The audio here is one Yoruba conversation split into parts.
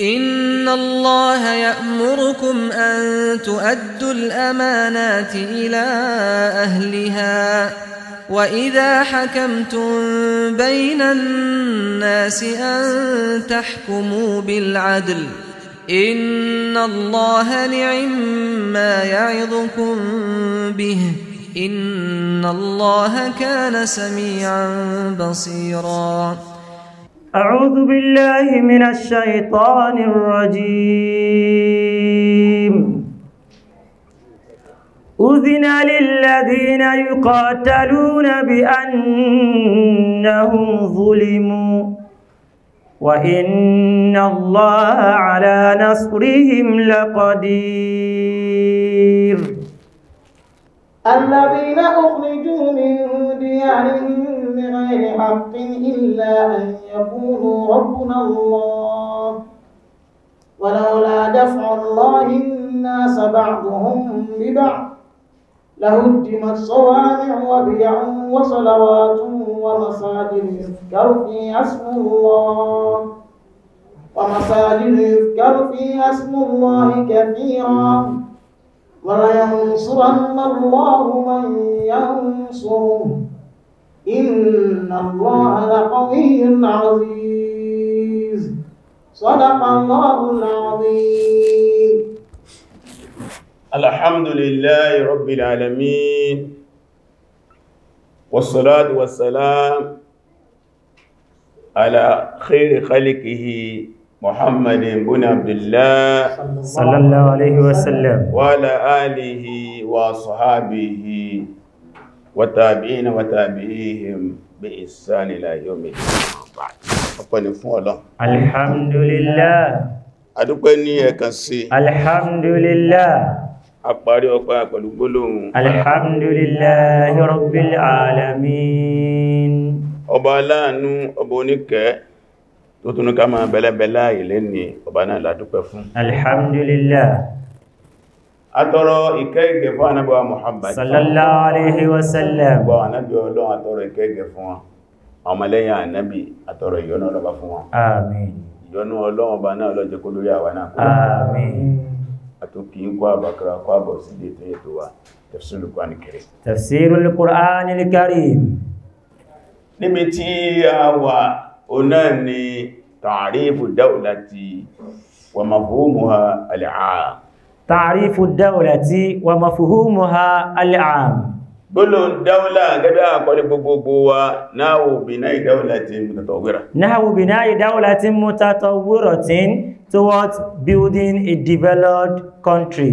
إن الله يأمركم أن تؤدوا الأمانات إلى أهلها وإذا حكمتم بين الناس أن تحكموا بالعدل إن الله نعم ما يعظكم به إن الله كان سميعا بصيراً أعوذ بالله من الشيطان الرجيم أذن للذين يقاتلون بأنهم ظلموا وإن الله على نصرهم لقدير الذين أخرجوا من ديارهم بغير حق إلا أن يقولوا ربنا الله ولولا دفع الله الناس بعضهم ببعض لهدمت صوامع وبيع وصلوات ومساجد يذكر فيها اسم الله ومساجد يذكر فيها اسم الله كثيرا ولينصرن الله من ينصره إن الله لقوي عزيز صدق الله العظيم الحمد لله رب العالمين والصلاة والسلام على خير خلقه محمد بن عبد الله صلى الله عليه وسلم وعلى آله وصحابه wàtàbíyìn wàtàbíyìn bí ìsánilá yóò mẹ́ ọ̀pọ̀ ni fún ọlọ́ alhamdulillah adúpẹ́ ní ẹ̀kan sí alhamdulillah àparí ọpá pẹ̀lú gbólóhùn alhamdulillahi rabbil alamin ọba aláàánú ọba oníkẹ́ tó túnú ká máa bẹ̀lẹ̀bẹ̀lá ilé ni ọba náà ládúpẹ́ fún alhamdulillah atọrọ ìkẹ́ ìgẹ̀ fún anábọ̀wà Muhammad sallallahu alaihi wasallam gbọ́ anábì ọlọ́run atọrọ ìkẹ́ ìgẹ̀ fún wọn ọmọlẹ́yìn anábì atọrọ ìyọ́nà ọlọ́ba fún wọn àmín ìyọ́nà ọlọ́run bá náà lọ́jẹ́ kó lórí àwa náà àmín wa mafhumuha al tàrífù dáúlà tí wà mafuhumu ha al'am gbólóhùn dáúlà gẹ́gẹ́ àkọlé gbogbogbò wa náwó bìná ìdáúlátín mutatọ̀wírà náwó bìná ìdáúlátín mutatọ̀wírọ̀tín towards building a developed country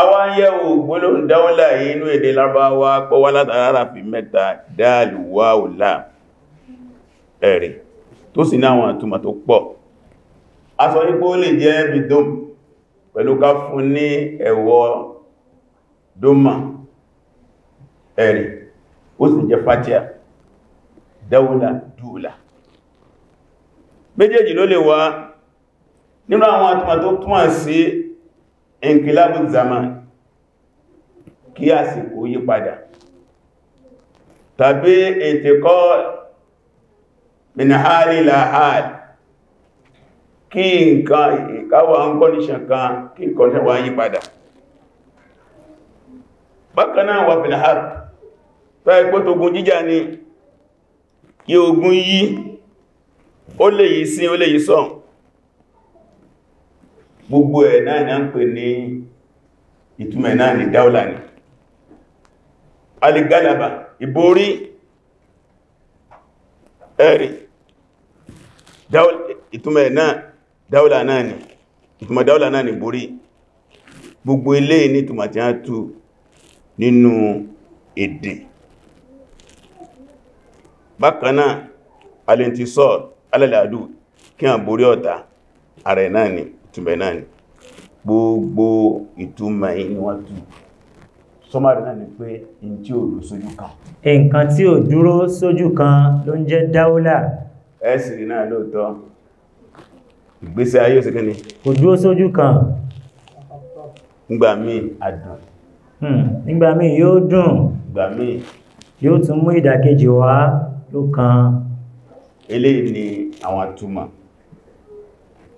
àwọn yẹ̀wò gbólóhùn dáúlà inú èdè Lárúbáwá pọ̀ wá látara fi mẹ́ta dáàlù wáùlá ẹ̀rẹ̀ tó sì náwọn àtúmọ̀ pẹ̀lú ká fún ní ẹ̀wọ̀ dómà ẹ̀rì ó sì jẹ fatia dáúlà dúúlà méjèèjì ló lè wá nínú àwọn àtúmà tó túnmà sí inkilabu zaman kí àsìkò yí padà tàbí ètèkọ́ min hali kí nǹkan ìkáwà ń kọ́nìṣàn kan kí nǹkan ṣe wá yí padà bákan náà wà fìlà hàr tó ẹgbẹ́ tó gun jíjà ni kí ogun yí ó lè yí sí ó lè yí sọ gbogbo ẹ̀ náà náà ń pè ní ìtumẹ̀ náà ní dáúlà ni alìgálàbà ìborí ẹ̀rì ìtumẹ̀ náà dáúlà náà ni ìtumọ̀ dáúlà náà ni borí gbogbo ilé ní ìtumọ̀ tí a tú nínú èdè bákanáà alintisọ́ alẹ́lẹ́adù kí a borí ọ̀tá ààrẹ náà ni ìtumọ̀ náà ni gbogbo ìtumọ̀ yìí ni wọ́n tú sọmọ́rì náà ni pé in tí ò dúró sójú kan nǹkan tí ò dúró sójú kan ló ń jẹ́ dáúlà ẹ̀sìrì náà lóòtọ́ ìgbésí ayé ò sí kí ni ojú ó sójú kan nígbà míì adùn hmm, nígbà míì yóò dùn nígbà míì yóò tún mú ìdàkejì wá ló kan eléyìí ni àwọn àtúmọ̀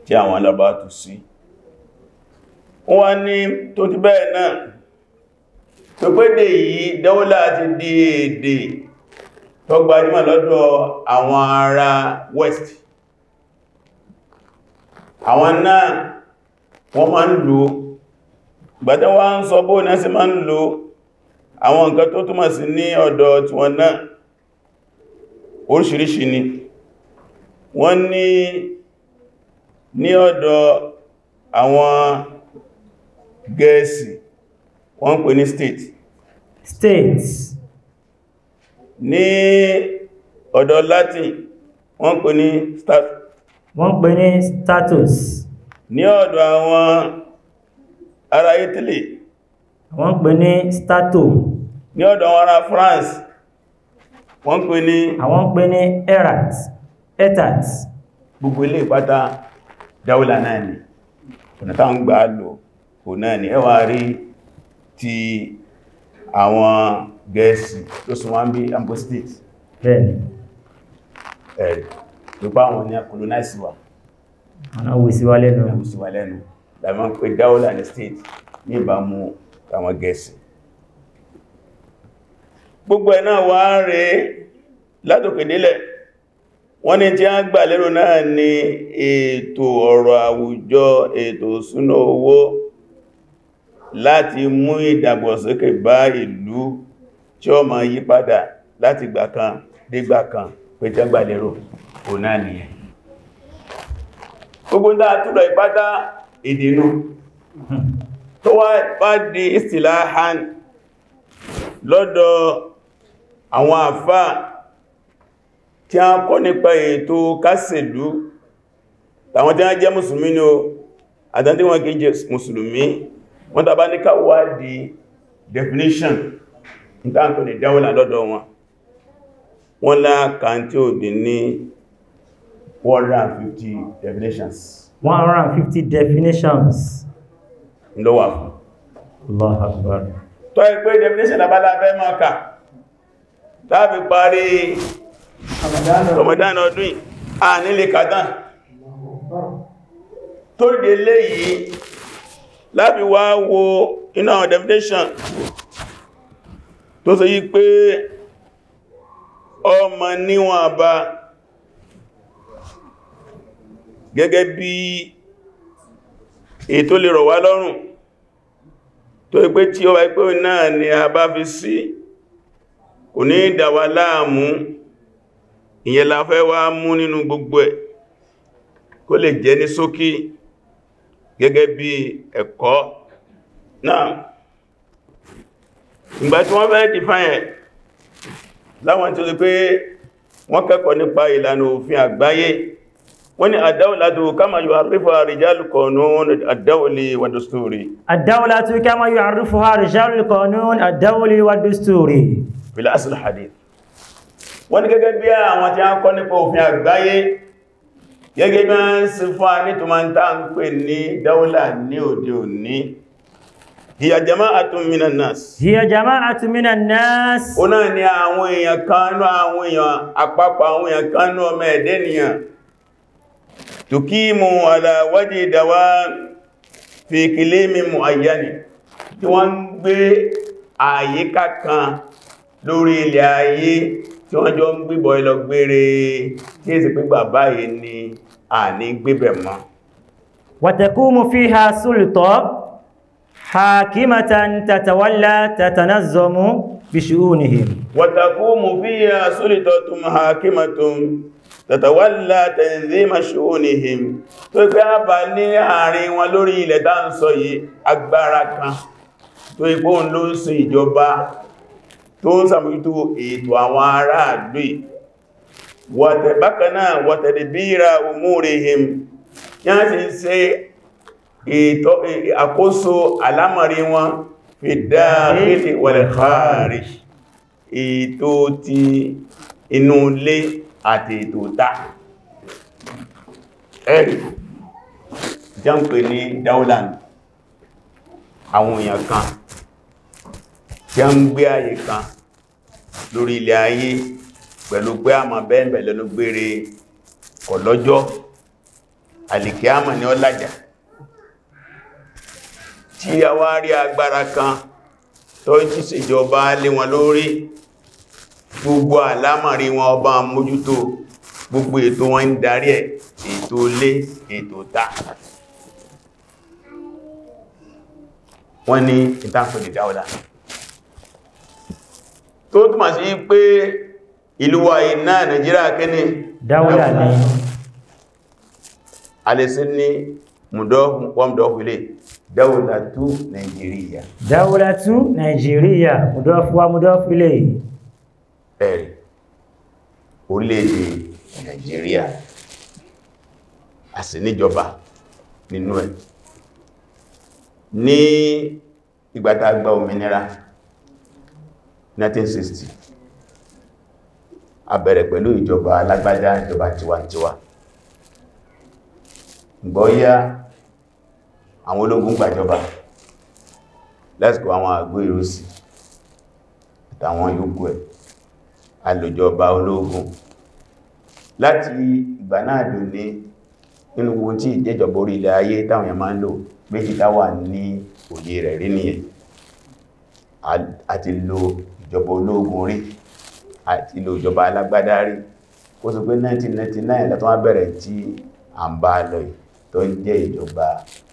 tí àwọn alábá tù sí wọ́n ní tó ti bẹ́ẹ̀ náà tó pédè yìí dánwólá ti di èdè tó gbajúmọ̀ lọ́dọ̀ àwọn ará west àwọn náà wọ́n máa ń lò gbàtẹ́ wá ń sọ bó náà sí máa ń lò àwọn nǹkan tó túmọ̀ sí ní ọ̀dọ̀ tí wọ́n náà oríṣiríṣi ni wọ́n ní ní ọ̀dọ̀ àwọn gẹ̀ẹ́sì wọ́n pè ní state states ní ọ̀dọ̀ latin wọ́n pè ní state wọ́n pè ní status ní ọ̀dọ̀ àwọn ará Italy wọ́n pè ní stato ní ọ̀dọ̀ àwọn ará France wọ́n pè ní àwọn pè ní erat etat gbogbo ilé ìpátá dáúlà náà ni ọ̀nà táwọn gbà lò ò náà ni ẹwà rí ti àwọn gẹ̀ẹ́sì tó súnmọ́ bí ambo state bẹ́ẹ̀ ẹ̀rì pípa àwọn ní colonize wa àwọn wùsíwá lẹ́nu wùsíwá lẹ́nu làmọ́ pé dáwọ́lá ní state ní ìbámu àwọn gẹ̀ẹ́sì gbogbo ẹ̀ náà wá rẹ̀ látòkè délẹ̀ wọ́n ní tí a gbà lérò náà ni ètò ọ̀rọ̀ àwùjọ ètò ìṣúná owó láti mú ìdàgbàsókè bá ìlú tí ó máa yípadà láti gbà kan dégbà kan pẹ̀tẹ́gbà lérò ò náà nìyẹn gbogbo ń dáa túnlọ ìpátá ìdínú tó wá di istilahan lọ́dọ̀ àwọn àfá tí a kọ́ nípa ètò kásìlú tàwọn tí a jẹ́ mùsùlùmí ní o àtàntí wọn kìí jẹ́ wọ́n tàbá ní káwà di definition ní tàbí ní dáwọ́lá lọ́dọ̀ wọn wọ́n láàkàntí òdì ní 150 definitions. 150 definitions. Ló wà fún. Allah Akbar. Tó ẹ pé definition abala fẹ́ máa kà. Láàfi parí Ramadan ọdún yìí, a nílé kàtàn. Tó dé lé yìí, láàfi wá wo iná àwọn definition tó sọ yí pé ọmọ níwọ̀n àbá gẹ́gẹ́ bí èyí tó lè rọ̀ wá lọ́rùn tó ipé tí ó wá ipé náà ni a bá fi sí kò ní ìdàwà láàmú ìyẹn la fẹ́ wá mú nínú gbogbo ẹ̀ kó lè jẹ́ ní ṣókí gẹ́gẹ́ bí ẹ̀kọ́ náà ìgbà tí wọ́n fẹ́ define láwọn tí ó sì pé wọ́n kẹ́kọ̀ọ́ nípa ìlànà òfin àgbáyé wani adawlatu kama yu'arrifuha rijalul qanun ad-dawli wa dusturi adawlatu kama yu'arrifuha rijalul qanun ad-dawli wa dusturi bil asl hadith wani gẹ́gẹ́ bí àwọn tí a kọ́ nípa òfin àgbáyé gẹ́gẹ́ bí wọ́n sì fún a ní tòmántà ń pè ní dáúlà ní òde òní hiya jama'atun minan nas hiya jama'atun minan nas ó ni àwọn èèyàn kan nú àwọn èèyàn àpapọ̀ àwọn èèyàn kan nú ọmọ tukimu ala wájí ìdáwà fi kìlé mímú ayyáni tí wọ́n ń gbé àyíká kan lórí ilẹ̀ ayé tí wọ́n jọ ń gbíbọ̀ ilọ̀ gbére tí èsì pé bàbá ni a ní gbíbẹ̀ mọ́ watakumu fiha sulta hakimatan tatawalla tatanazzamu bi shu'unihim watakumu fiha sultatun hakimatun tàtàwàlá tẹ̀zíma ṣòónihìm tó gbé àbà ní àárín wọn lórí ilẹ̀ dáńsọ yìí agbára kan tó ipò ń ló ń ṣe ìjọba tó ń sàmójútó ètò àwọn ará àgbé wàtẹ̀bákaná wàtẹ̀dẹ̀bíra umúrihìm yá sì ṣe ètò ti inú ilé àti ìtòta ẹ̀rì jẹ́ ń pè ní dauland àwọn èèyàn kan jẹ́ ń gbé ayé kan lórí ilẹ̀ ayé pẹ̀lú pé àmà bẹ́ẹ̀bẹ̀ lẹ́nu gbére kọ̀lọ́jọ́ àlìkẹ́ àmà ní ọlájà tí a wá rí agbára kan tó ń ṣèjọba lé wọn lórí gbogbo àlámọ̀rí wọn ọba mójútó gbogbo ètò wọn ń darí ẹ̀ ètò lé ètò ta. wọ́n ní ìtàkùn ìdáwọ́dá tó túnmà sí pé ìlú wa iná Nàìjíríà kíní dáwọ́dá ní alẹ́sí ní mùdọ́fù ilé dáwọ́dá tú Nàìjíríà dáwọ́dá tú Nàìjíríà mùdọ́fù wa mùdọ́fù ilé ẹ̀rì orílẹ̀-èdè Nàìjíríà a sì níjọba nínú ẹ̀ ní ìgbàtà gba òmìnira 1960 a pẹ̀lú ìjọba alágbádá ìjọba tiwantiwa gbọ́yá àwọn ológun gbàjọba lásìkò àwọn àgbò ìrúsì àtàwọn yòókù ẹ̀ alòjọba ológun láti ìgbà náà dùn ní nínú gbogbo tí ìjẹjọba orí ilẹ̀ ayé táwọn èèyàn máa ń lò méjì táwà ní òye rẹ̀ rí nìyẹn àti lo ìjọba ológun rí àti lo ìjọba alágbádá rí kó sọ pé 1999 látọ́ wá bẹ̀rẹ̀ tí à ń bá lọ tó ń jẹ́ ìjọba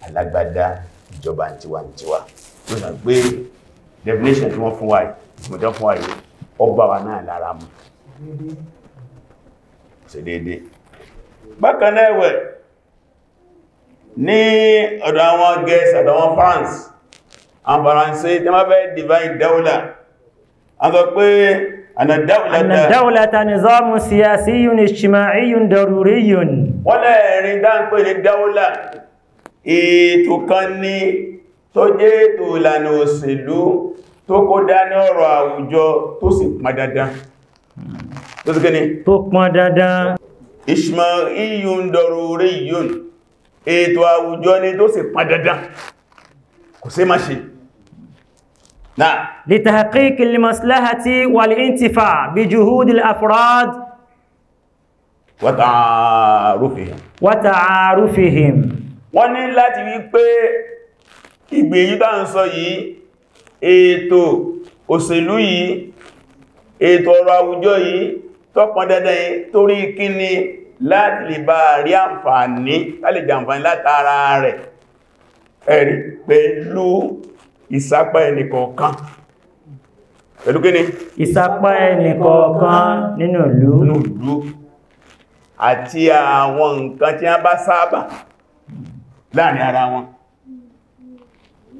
alágbádá ìjọba àtiwàntiwà tó sọ pé definition tí wọ́n fún wa ọba wa náà lára mú ṣe dédé bákan náà ẹ̀wẹ̀ ní ọ̀dọ̀ àwọn Gẹ̀ẹ́sì àtàwọn France àwọn Faransé tí wọ́n fẹ́ divine dáúlà a sọ pé àdáúlàta nizamu siyasiyun ijtimaiyun daruriyun wọ́n lẹ́rin dáńpé ní dáúlà ètò kan tó kó dání ọ̀rọ̀ àwùjọ tó sì pọn dandan tó sì kẹni tó pọn dandan ishmaiyun daruriyun ètò àwùjọ ni tó sì pọn dandan kò sí má ṣe náà li tahqiqi al-maslahati wal-intifa' bi juhudi al-afrad wọ́n ní láti wí pé ìgbìyànjú ń sọ yìí ètò òṣèlú yìí ètò ọrọ̀ àwùjọ yìí tọ́pọ̀ dandan yìí torí kí ni láti lè bá rí àǹfààní láti jàǹfààní látara rẹ̀ ẹ̀rí pẹ̀lú ìsápá ẹnìkọ̀ọ̀kan pẹ̀lú kí ni ìsápá ẹnìkọ̀ọ̀kan nínú ìlú àti àwọn nǹkan tí a bá sábà láàrin ara wọn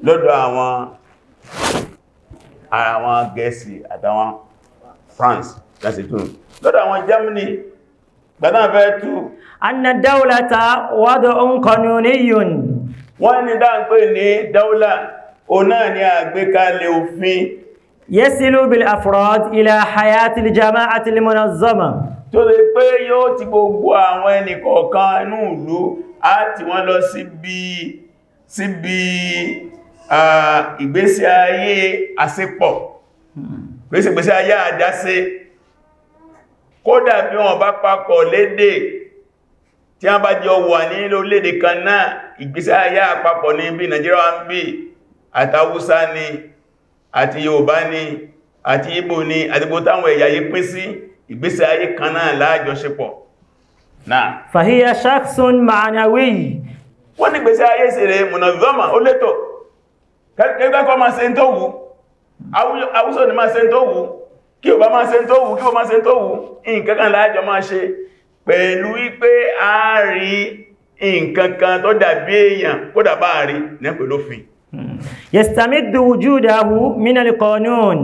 lọ́dọ̀ àwọn ara wọn gẹ̀ẹ́sì àtàwọn France láti tún lọ́dọ̀ àwọn Germany gbádá fẹ́ tú anna dáúlata wádọ̀ oǹkọ̀nìyàn wọ́n ni dáńpé ní dáúlà o náà ni àgbékalẹ̀ òfin yẹ́sílú bil afrod ilẹ̀ hayati jama'ati limunazzama tó lè pé yóò ti gbogbo àwọn ẹnìkọ̀ọ̀kan inú ìlú á ti wọ́n lọ síbi síbi ìgbésí ayé àsepọ̀ ìgbésí ayé àdáṣe kódà bí wọ́n bá papọ̀ lédè tí a bá jọ wà ní orílẹ̀-èdè kan náà ìgbésí ayé àpapọ̀ ní bí Nàìjíríà ń bí àtàwúsá ni àti Yorùbá ni àti Ìgbò ni àti gbogbo táwọn ẹ̀yà yìí pín sí ìgbésí ayé kan náà láàjọṣepọ̀ ma'nawi wọ́n ní ìgbésí ayé sí rẹ̀ mọ̀nà kẹ́gbẹ́kọ́ máa ṣe tó wù awúsọ ni máa ṣe tó wù kí o bá máa ṣe tó wù kí o máa ṣe tó wù nǹkankan láàjọ máa ṣe pẹ̀lú wípé a rí nǹkankan tó dàbí èèyàn kó dàbá rí ní pẹ̀lú òfin hmm. yastamiddu wujudahu minal qanun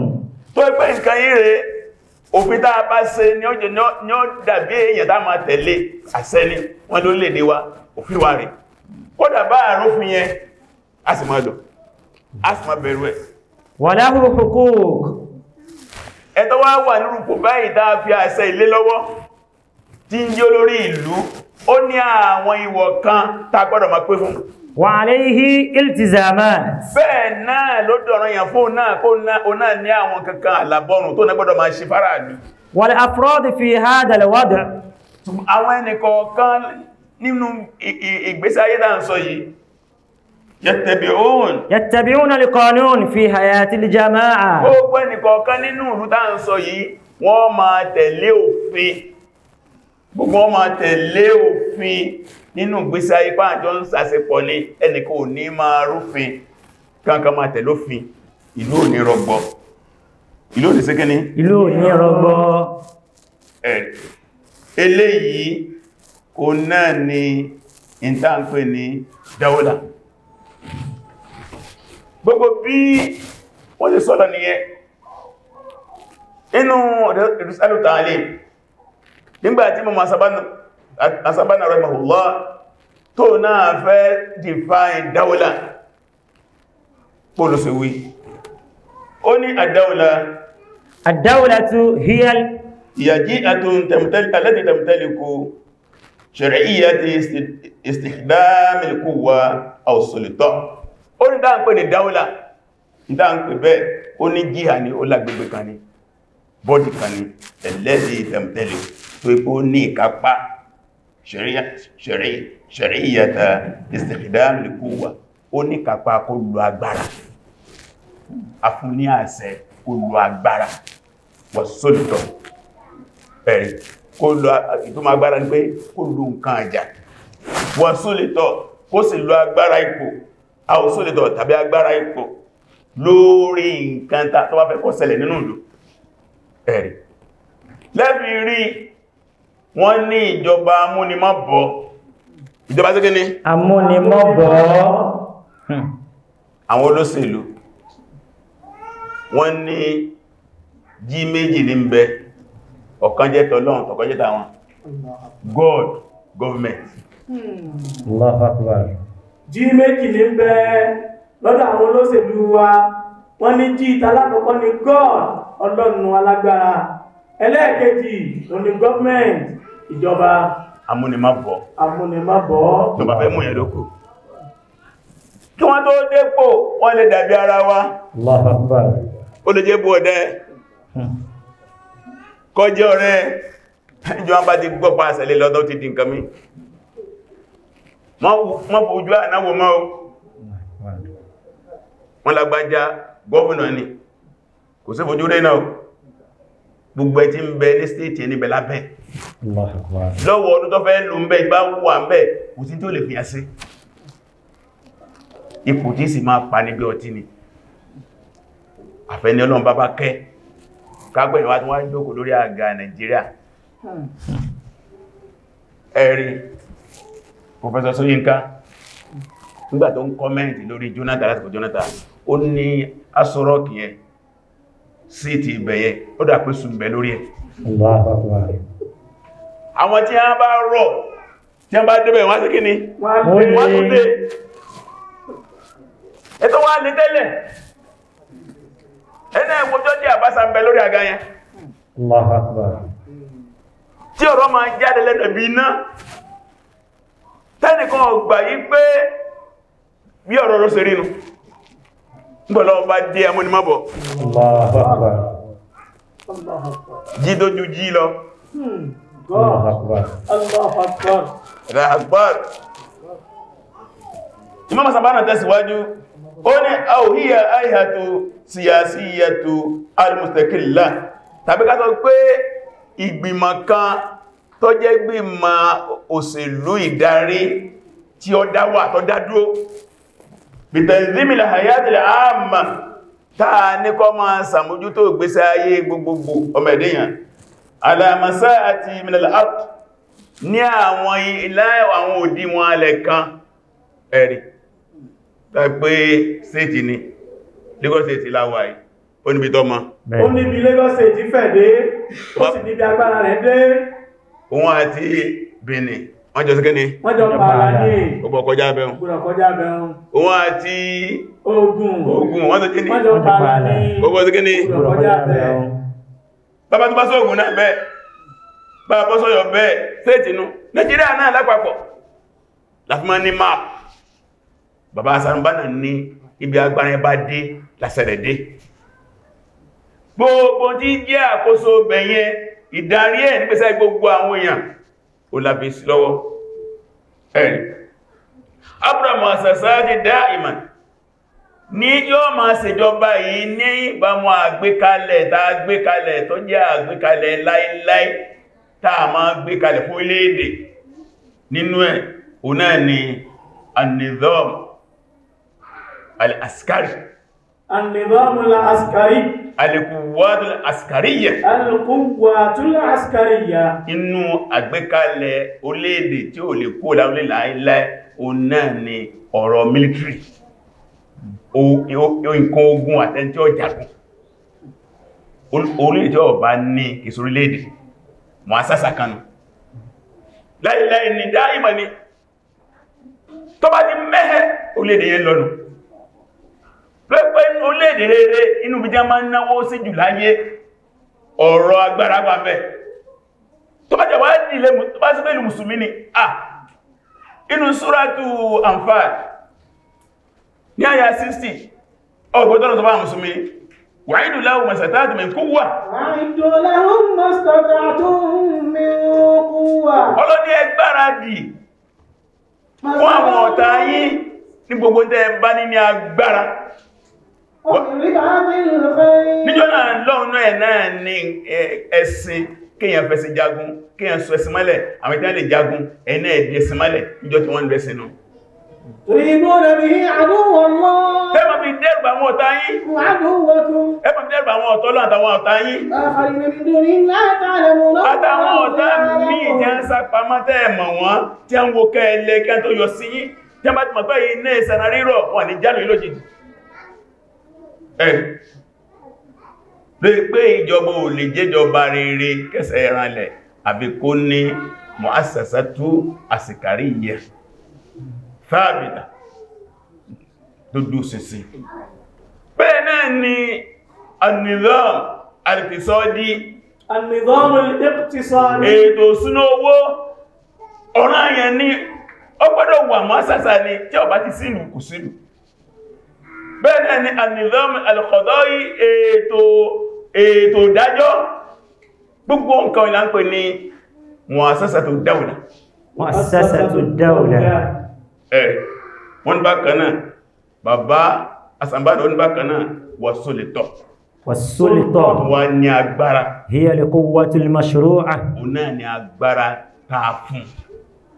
tó ẹgbẹ́ nǹkan ire òfin tá a bá ṣe ni ó dàbí èèyàn tá máa tẹ̀lé àṣẹ ni wọ́n ló lè ní wa òfin wa rí kó dàbá àrófin yẹn a sì máa lò asma berwe ẹ̀ wàláhù hukuk ẹ̀tọ́ wa wà nírùpò báyìí dáa fi ase ilé lọ́wọ́ tí olori Ilu, olórí ìlú ó ní àwọn kan ta gbọ́dọ̀ ma pé fún wà aléhí iltizamat bẹ́ẹ̀ náà ló dọ̀rọ̀ yàn fún náà kó náà ní àwọn kankan àlàbọ̀rùn to na gbọ́dọ̀ ma ṣe fara ní wal afrad fi hadha alwad' àwọn ẹnìkọ̀ọ̀kan nínú kan ayé dáa ń sọ yi. yẹtẹ̀bíún yẹtẹ̀bíún alìkọ̀ọ́nún fi hayati aljama'a gbogbo ẹnìkọ̀ọ̀kan nínú ìlú tá ń sọ yìí wọ́n máa tẹ̀lé òfin gbogbo wọ́n máa tẹ̀lé òfin nínú gbésí ayé pa àjọ ń sàṣepọ̀ ní ẹnìkan ò ní máa rúfin kankan máa tẹ̀lé òfin ìlú ò ní rọgbọ gbogbo bí wọ́n ti sọ́dọ̀ nìyẹn inú ìrìsálù tààlé nígbàtí mọ̀ asabana rahimahullah tó náà fẹ́ define dáwọ́lá pọ̀lọ̀sọ̀wé ó ní àdáwọ́lá àdáwọ́lá tó hiyal ìyàjí àtúntẹ̀mtẹ̀lẹ́tì tẹ̀mtẹ̀lẹ́kù ṣẹ̀rẹ̀ ìyàtí istihdamil quwwa aw dáńpẹ́ ní dáúlà dáńpẹ́ bẹ́ẹ̀ ó ní jíhà ní ó lágbègbè kan ní bọ́dì kan ní ẹ̀lẹ́dì ìtẹ̀mtẹ̀lẹ̀ tó ipò ní ìkápá ṣẹ̀ríyàtà ìsìnkìdáàmìlìkúwà ó ní ìkápá kó lo agbára afún ní àṣẹ kó lo agbára wọ̀sọ́lùtọ̀ ẹ̀rí kó lo ìtúmọ̀ agbára ní pé kó lo nǹkan àjà wọ̀sọ́lùtọ̀ agbára ipò àwòsódẹ̀tọ̀ tàbí agbára ipò lórí nǹkan tó bá fẹ́ kó ṣẹlẹ̀ nínú ìlú ẹ̀rì lẹ́bí rí wọ́n ní ìjọba amúnimọ́bọ̀ ìjọba tó kíní amúnimọ́bọ̀ hmm. àwọn olóṣèlú wọ́n ní jí méjì ní bẹ ọ̀kan jẹ́ tọ́lọ́n ọ̀kan jẹ́ tàwọn God government hmm. Allah akbar jí méjì ní ń bẹ lọ́dọ̀ àwọn olóṣèlú wa wọ́n ní jí ìtàlákọ̀ọ́kọ́ ni god ọlọ́run alágbára ẹlẹ́ẹ̀kejì òun ni government ìjọba amúnimábọ̀ amúnimábọ̀ ìjọba fẹ́ mú yẹn lókù kí wọ́n tó dépò wọ́n lè dàbí ara wa ó lè jẹ́ bú ọ̀dẹ́ kọjọ́ rẹ̀ ìjọba ti gbọ́pa àṣẹlẹ̀ lọ́dọ̀ ti di nǹkan mi wọ́n fojú ànáwò mọ́ o wọ́n lágbájá gọ́ọ̀nà ni kò sí fojú rẹ̀ náà gbogbo ẹ̀tí ń bẹ ní stéètì ẹni bẹ̀lá bẹ̀ lọ́wọ́ ọdún tó fẹ́ lù ń bẹ́ ìgbà wà ń bẹ́ kò sí tó lè fìyà sí ipò tí sì máa pa níbi ọtí ni àfẹ́ni ọlọ́run bàbá kẹ́ kágbẹ̀ ìwádìí wá jókòó lórí àga Nàìjíríà hmm. ẹ̀rin Professor Soyinka nígbà tó ń kọ́mẹ́ntì lórí Jonathan láti kò Jonathan ó ní asọ́rọ́kì ẹ sí ti ìbẹ̀yẹ ó dà pé sùn bẹ̀ lórí ẹ àwọn tí a bá rọ̀ tí a bá débẹ̀ wọ́n sí kíni wọ́n tún dé ẹ̀tọ́ wọ́n ní tẹ́lẹ̀ ẹ̀nà ìwòjọ́ jẹ́ àbáṣà ń bẹ lórí àga yẹn tí ọ̀rọ̀ máa jáde lẹ́nu ẹ̀bí náà tẹ́nìkan ọgbà yí pé bí ọ̀rọ̀ ló ṣe rínú gbọ́lọ́ ọba jẹ́ amúnimọ́bọ̀ jí dójú jí lọ hmm, Imam Sabana tẹ́síwájú ó ní àwòhíyà àìhàtò síyàsíyàtò al-mustaqilla tàbí ká sọ pé ìgbìmọ̀ kan tó jẹ́ gbìmọ̀ òṣèlú ìdarí tí ó dáwà tó dádúró bìtẹ̀zímìlà àyàtìlà àmà táà ní kọ́ máa sàmójútó ìgbésẹ̀ ayé gbogbogbò ọmọdéyàn alamasa àti minalart ní àwọn ilá àwọn òdí wọn alẹ̀ kan ẹ̀rì tàbí sẹ́tì ni Lagos State láwàáyí ó níbi tọ́mọ ó níbi Lagos State fẹ̀ dé ó sì níbi agbára rẹ̀ dé òun àti Bìnì wọ́n jọ síkẹ́ ni wọ́n jọ pààrà ní ọgbọ̀ kọjá bẹ̀rún òun àti Ògùn wọ́n jọ kíni wọ́n jọ pààrà ní ọgbọ̀ síkẹ́ ni bàbá tó bá sọ́ọ̀gùn náà bẹ́ẹ̀ bàbá bọ́ sọ́yọ̀ bẹ́ẹ̀ sẹ́ẹ̀tìnú Nàìjíríà náà lápapọ̀ láfimá ní map bàbá Sanbánà ní ibi agbárin bá dé lásẹ̀rẹ̀ dé gbogbo tí jẹ́ àkóso bẹ̀yẹn ìdarí ẹ̀ nígbésẹ̀ gbogbo àwọn èèyàn ó lábí sí lọ́wọ́ ẹ̀rì abraham asasadi dáìmà ní yóò máa ṣèjọba yìí ní ìbámu àgbékalẹ̀ tá àgbékalẹ̀ tó jẹ́ àgbékalẹ̀ láíláí tá a máa gbékalẹ̀ fún iléèdè nínú ẹ̀ òun náà ni النظام العسكري alikuwatu askariya alikuwatu askariya inú àgbékalẹ̀ orílẹ̀-èdè tí ó lè kó láwọlé láìláì o náà ni ọ̀rọ̀ military o nǹkan ogun àtẹ́ntí ọjàgùn orílẹ̀-èdè tí ó bá ní kìsù orílẹ̀-èdè wọ́n sásà kanú láìláì ni dáìmà ni tó bá ti mẹ́hẹ́ orílẹ̀-èdè yẹn lọ́nà pẹ́pẹ́ orílẹ̀-èdè rere inú bí jẹ́ máa ń náwó sí jù láyé ọ̀rọ̀ agbára pàbẹ̀ tó bá jẹ́ wá nílé tó bá sí pẹ̀lú mùsùlùmí ni à inú súratù Anfal ní àyà 60 ọgbọ̀tọ́nà tó bá mùsùlùmí wàídù láhùn masàtàtù min quwwa wàídù láhùn masàtàtù min quwwa ọlọ́ni ẹgbára dì fún àwọn ọ̀tá yín ní gbogbo tẹ́ bá ní ní agbára níjọ́ náà lọ́run náà náà ní ẹ̀sìn kíyàn fẹ́sìn jagun kíyàn sọ ẹ̀sìn mọ́lẹ̀ àwọn ìtẹ́ lè jagun ẹ̀nà ẹ̀dì ẹ̀sìn mọ́lẹ̀ níjọ́ tí wọ́n ń lẹ́sìn nù Ẹmọ̀ bí dẹ́rùbà wọn ọ̀tá yín. Ẹmọ̀ bí dẹ́rùbà wọn ọ̀tọ́ látàwọn ọ̀tá yín. Àtàwọn ọ̀tá mí ìjẹ́ ń sápa mọ́tẹ́ ẹ̀mọ̀ wọn tí a ń wo kẹ́ ẹlẹ́kẹ́ tó yọ sí yín. Tí a bá ti mọ̀ pẹ́ yìí ní ìsànà rírọ̀ wọ́n ní jálù ìlójìdì lè pé ìjọba ò lè jẹ́jọba rere kẹsẹ̀ ìrànlẹ̀ àbí kó ní mu'assasatu àsìkàríyà fáàbìtà dúdú sínsìn bẹ́ẹ̀ náà ni an-nizam al-iqtisadi an-nizam al-iqtisadi ètò súnú owó ọ̀rọ̀ àyẹn ni ó gbọ́dọ̀ wà mu'assasa ni tí ó ti sínú kò sínú bẹ́ẹ̀ náà ni anizam alkọ̀dọ́rí ètò ìdájọ́ gbogbo nǹkan ìlà ń pè ní mu'assasatu dawla mu'assasatu dawla ẹ̀ wọ́n bá kaná bàbá asàmbádọ̀ wọ́n bá kaná wàsólètọ̀ wàsólètọ̀ wà ní agbára ní agbára tààfún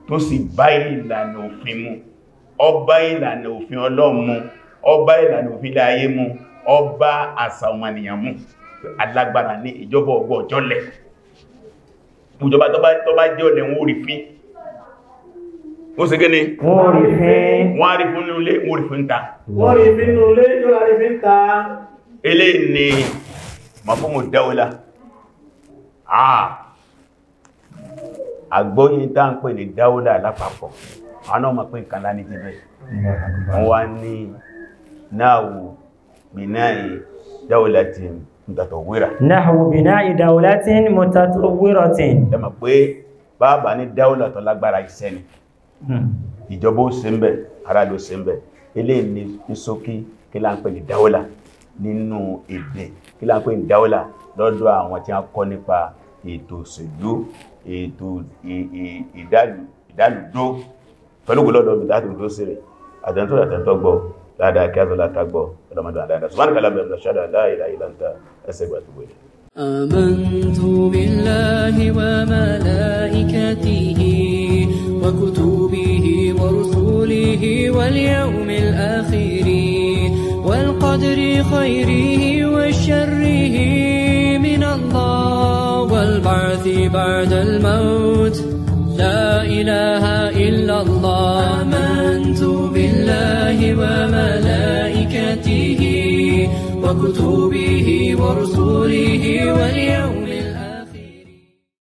tó sì bá ìlànà òfin ọba ìlànà òfilẹ̀ ayé mú ọba àṣà ọmọnìyàn mú alágbára ní ìjọba ọgbọ̀ ọjọ́lẹ̀ ìjọba tó bá jẹ́ ọ̀lẹ̀ wọ́n rí fín ó sì gẹ́ni wọ́n rí fín wọ́n rí fún nílé wọ́n rí fín ta wọ́n rí fín nílé wọ́n rí fín ta ilé ni mafúnmù dáwọlá àgbóyìn tá ń pè ní dáwọlá lápapọ̀ wọ́n wá ní نحو بناء دولة متطورة نحو بناء دولة متطورة ẹ mọ̀ pé bàbá ní dáúlà tó lágbára iṣẹ́ ni hmm. ìjọba ó sínbẹ̀ ara ló sínbẹ̀ ilé ní ṣókí kí la ń pè ní dáúlà nínú èdè kí la ń pè ní dáúlà lọ́dọ̀ àwọn tí a kọ́ nípa ètò òṣèlú ètò ìdálùdó pẹ̀lú lọ́dọ̀ ìdálùdó sí rẹ̀ àtẹ́ntọ́ àtẹ́ntọ́ gbọ́ dáadáa kí azọ́lá tagbọ́ ọlọ́mọdé àdáyà subhanahu wa ta'ala ṣáda láìlà ìlànà ẹsẹ̀ ìgbà tó wẹ̀lẹ̀. آمنت بالله وملائكته وكتبه ورسله واليوم الآخر والقدر خيره وشره من الله والبعث بعد الموت لا إله إلا الله آمنت بالله وملائكته وكتبه ورسله واليوم